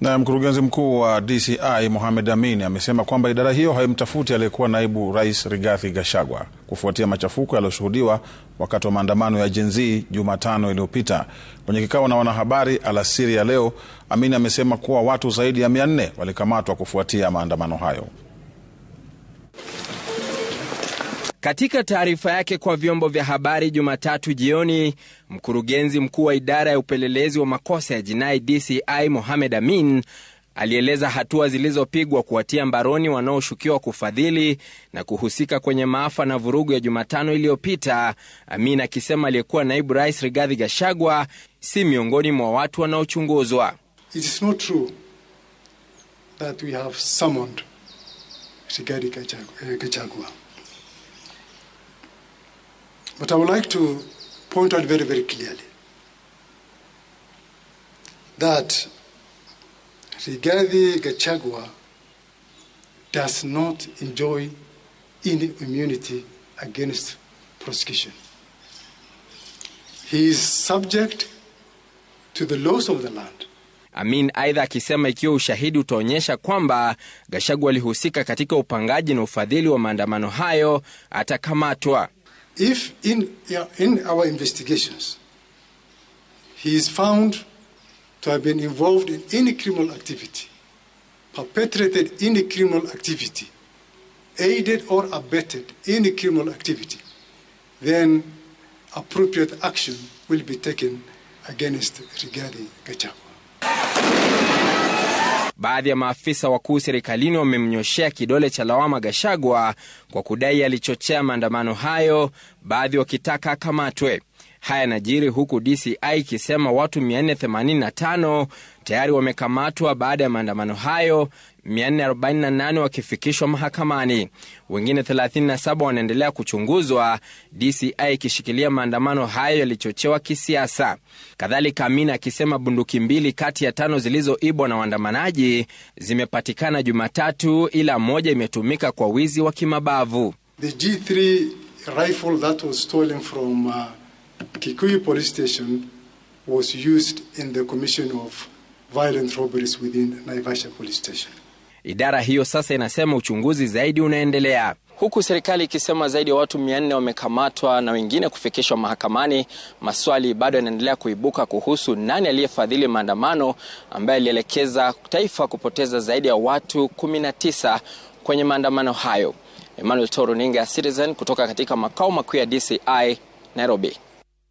Na mkurugenzi mkuu wa DCI Mohamed Amin amesema kwamba idara hiyo haimtafuti aliyekuwa naibu rais Rigathi Gachagua kufuatia machafuko yaliyoshuhudiwa wakati wa maandamano ya Gen Z Jumatano iliyopita. Kwenye kikao na wanahabari alasiri ya leo, Amin amesema kuwa watu zaidi ya mia nne walikamatwa kufuatia maandamano hayo. Katika taarifa yake kwa vyombo vya habari Jumatatu jioni, mkurugenzi mkuu wa idara ya upelelezi wa makosa ya jinai DCI Mohamed Amin alieleza hatua zilizopigwa kuwatia mbaroni wanaoshukiwa kufadhili na kuhusika kwenye maafa na vurugu ya Jumatano iliyopita, Amin akisema aliyekuwa naibu rais Rigathi Gachagua si miongoni mwa watu wanaochunguzwa. Gachagua eh, But I would like to point out very, very clearly that Rigathi Gachagua does not enjoy any immunity against prosecution. He is subject to the laws of the land. Amin aidha akisema ikiwa ushahidi utaonyesha kwamba Gachagua alihusika katika upangaji na ufadhili wa maandamano hayo atakamatwa. if in, in our investigations he is found to have been involved in any criminal activity, perpetrated any criminal activity, aided or abetted any criminal activity, then appropriate action will be taken against Rigari Gachagua. Baadhi ya maafisa wakuu serikalini wamemnyoshea kidole cha lawama Gashagwa kwa kudai alichochea maandamano hayo, baadhi wakitaka akamatwe. Haya yanajiri huku DCI ikisema watu 485 tayari wamekamatwa baada ya maandamano hayo, 448 wakifikishwa mahakamani, wengine 37 wanaendelea kuchunguzwa, DCI ikishikilia maandamano hayo yalichochewa kisiasa. Kadhalika, Amina akisema bunduki mbili kati ya tano zilizoibwa na waandamanaji zimepatikana Jumatatu, ila moja imetumika kwa wizi wa kimabavu. The G3 rifle that was stolen from, uh... Kikuyu Police Station was used in the commission of violent robberies within Naivasha Police Station. Idara hiyo sasa inasema uchunguzi zaidi unaendelea huku serikali ikisema zaidi ya watu 400 wamekamatwa na wengine kufikishwa mahakamani. Maswali bado yanaendelea kuibuka kuhusu nani aliyefadhili maandamano ambaye alielekeza taifa kupoteza zaidi ya watu 19 kwenye maandamano hayo. Emmanuel Toro, runinga ya Citizen kutoka katika makao makuu ya DCI Nairobi.